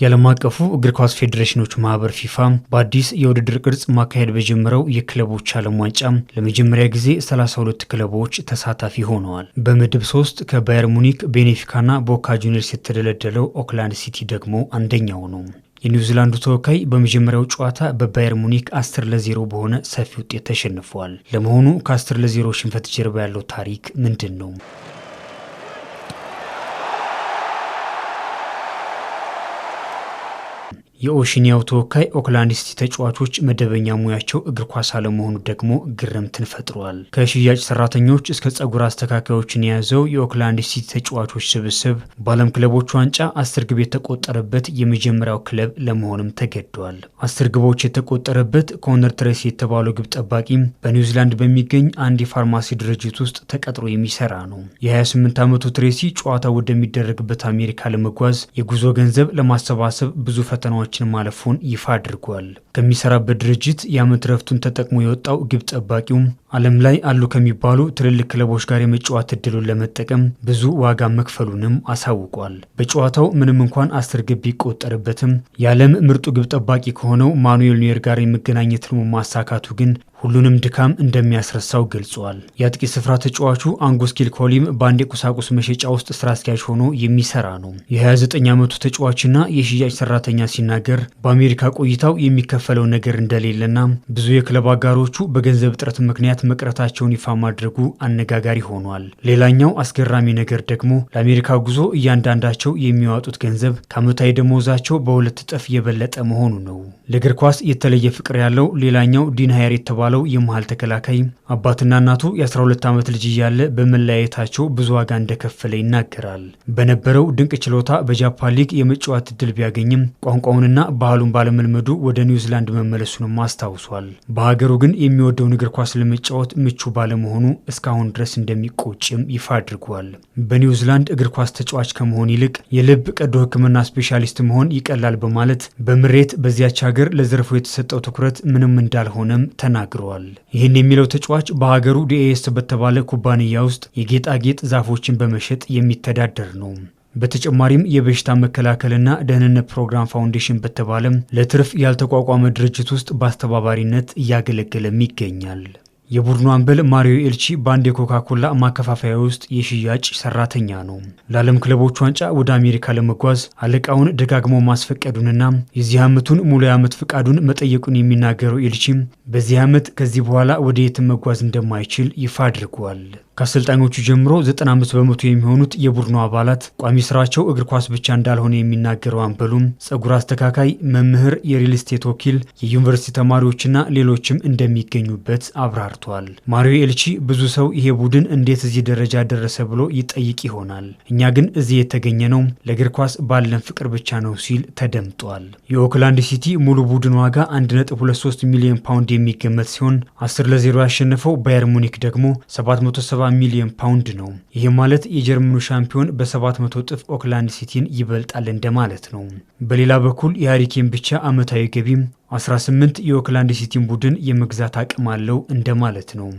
የዓለም አቀፉ እግር ኳስ ፌዴሬሽኖች ማህበር ፊፋ በአዲስ የውድድር ቅርጽ ማካሄድ በጀመረው የክለቦች ዓለም ዋንጫ ለመጀመሪያ ጊዜ 32 ክለቦች ተሳታፊ ሆነዋል። በምድብ 3 ከባየር ሙኒክ፣ ቤኔፊካና ቦካ ጁኒርስ የተደለደለው ኦክላንድ ሲቲ ደግሞ አንደኛው ነው። የኒውዚላንዱ ተወካይ በመጀመሪያው ጨዋታ በባየር ሙኒክ 10 ለ 0 በሆነ ሰፊ ውጤት ተሸንፏል። ለመሆኑ ለ0 ሽንፈት ጀርባ ያለው ታሪክ ምንድን ነው? የኦሽኒያው ተወካይ ኦክላንድ ሲቲ ተጫዋቾች መደበኛ ሙያቸው እግር ኳስ አለመሆኑ ደግሞ ግርምትን ፈጥሯል። ከሽያጭ ሰራተኞች እስከ ጸጉር አስተካካዮችን የያዘው የኦክላንድ ሲቲ ተጫዋቾች ስብስብ በዓለም ክለቦች ዋንጫ አስር ግብ የተቆጠረበት የመጀመሪያው ክለብ ለመሆንም ተገዷል። አስር ግቦች የተቆጠረበት ኮነር ትሬስ የተባለው ግብ ጠባቂ በኒውዚላንድ በሚገኝ አንድ የፋርማሲ ድርጅት ውስጥ ተቀጥሮ የሚሰራ ነው። የ28 ዓመቱ ትሬሲ ጨዋታ ወደሚደረግበት አሜሪካ ለመጓዝ የጉዞ ገንዘብ ለማሰባሰብ ብዙ ፈተናዎች ፊታችን ማለፉን ይፋ አድርጓል። ከሚሰራበት ድርጅት የዓመት ረፍቱን ተጠቅሞ የወጣው ግብ ጠባቂውም ዓለም ላይ አሉ ከሚባሉ ትልልቅ ክለቦች ጋር የመጫወት እድሉን ለመጠቀም ብዙ ዋጋ መክፈሉንም አሳውቋል። በጨዋታው ምንም እንኳን አስር ግብ ቢቆጠርበትም የዓለም ምርጡ ግብ ጠባቂ ከሆነው ማኑኤል ኖየር ጋር የመገናኘት ህልሙ ማሳካቱ ግን ሁሉንም ድካም እንደሚያስረሳው ገልጿል። የአጥቂ ስፍራ ተጫዋቹ አንጎስ ኪልኮሊም በአንድ የቁሳቁስ መሸጫ ውስጥ ስራ አስኪያጅ ሆኖ የሚሰራ ነው። የ29 ዓመቱ ተጫዋችና የሽያጭ ሰራተኛ ሲናገር በአሜሪካ ቆይታው የሚከፈለው ነገር እንደሌለና ብዙ የክለብ አጋሮቹ በገንዘብ እጥረት ምክንያት መቅረታቸውን ይፋ ማድረጉ አነጋጋሪ ሆኗል። ሌላኛው አስገራሚ ነገር ደግሞ ለአሜሪካ ጉዞ እያንዳንዳቸው የሚያወጡት ገንዘብ ከዓመታዊ ደሞዛቸው በሁለት እጥፍ የበለጠ መሆኑ ነው። ለእግር ኳስ የተለየ ፍቅር ያለው ሌላኛው ዲን ሀያር የተባ የተባለው የመሀል ተከላካይ አባትና እናቱ የ12 ዓመት ልጅ እያለ በመለያየታቸው ብዙ ዋጋ እንደከፈለ ይናገራል። በነበረው ድንቅ ችሎታ በጃፓን ሊግ የመጫወት እድል ቢያገኝም ቋንቋውንና ባህሉን ባለመልመዱ ወደ ኒውዚላንድ መመለሱንም አስታውሷል። በሀገሩ ግን የሚወደውን እግር ኳስ ለመጫወት ምቹ ባለመሆኑ እስካሁን ድረስ እንደሚቆጭም ይፋ አድርጓል። በኒውዚላንድ እግር ኳስ ተጫዋች ከመሆን ይልቅ የልብ ቀዶ ሕክምና ስፔሻሊስት መሆን ይቀላል በማለት በምሬት በዚያች ሀገር ለዘርፉ የተሰጠው ትኩረት ምንም እንዳልሆነም ተናግሯል። ተናግረዋል። ይህን የሚለው ተጫዋች በሀገሩ ዲኤስ በተባለ ኩባንያ ውስጥ የጌጣጌጥ ዛፎችን በመሸጥ የሚተዳደር ነው። በተጨማሪም የበሽታ መከላከልና ደህንነት ፕሮግራም ፋውንዴሽን በተባለም ለትርፍ ያልተቋቋመ ድርጅት ውስጥ በአስተባባሪነት እያገለገለም ይገኛል። የቡድኑ አምበል ማሪዮ ኤልቺ በአንድ የኮካ ኮላ ማከፋፈያ ውስጥ የሽያጭ ሰራተኛ ነው። ለዓለም ክለቦች ዋንጫ ወደ አሜሪካ ለመጓዝ አለቃውን ደጋግሞ ማስፈቀዱንና የዚህ ዓመቱን ሙሉ ዓመት ፍቃዱን መጠየቁን የሚናገረው ኤልቺ በዚህ ዓመት ከዚህ በኋላ ወደ የት መጓዝ እንደማይችል ይፋ አድርጓል። ከአሰልጣኞቹ ጀምሮ 95 በመቶ የሚሆኑት የቡድኑ አባላት ቋሚ ስራቸው እግር ኳስ ብቻ እንዳልሆነ የሚናገረው አምበሉም ጸጉር አስተካካይ፣ መምህር፣ የሪል ስቴት ወኪል፣ የዩኒቨርሲቲ ተማሪዎችና ሌሎችም እንደሚገኙበት አብራር ተጣርቷል። ማሪዮ ኤልቺ ብዙ ሰው ይሄ ቡድን እንዴት እዚህ ደረጃ ደረሰ ብሎ ይጠይቅ ይሆናል፣ እኛ ግን እዚህ የተገኘ ነው ለእግር ኳስ ባለን ፍቅር ብቻ ነው ሲል ተደምጧል። የኦክላንድ ሲቲ ሙሉ ቡድን ዋጋ 1.23 ሚሊዮን ፓውንድ የሚገመት ሲሆን 10 ለ0 ያሸነፈው ባየር ሙኒክ ደግሞ 770 ሚሊዮን ፓውንድ ነው። ይህ ማለት የጀርመኑ ሻምፒዮን በ700 እጥፍ ኦክላንድ ሲቲን ይበልጣል እንደማለት ነው። በሌላ በኩል የሃሪኬን ብቻ ዓመታዊ ገቢም 18 የኦክላንድ ሲቲን ቡድን የመግዛት አቅም አለው እንደማለት ነው።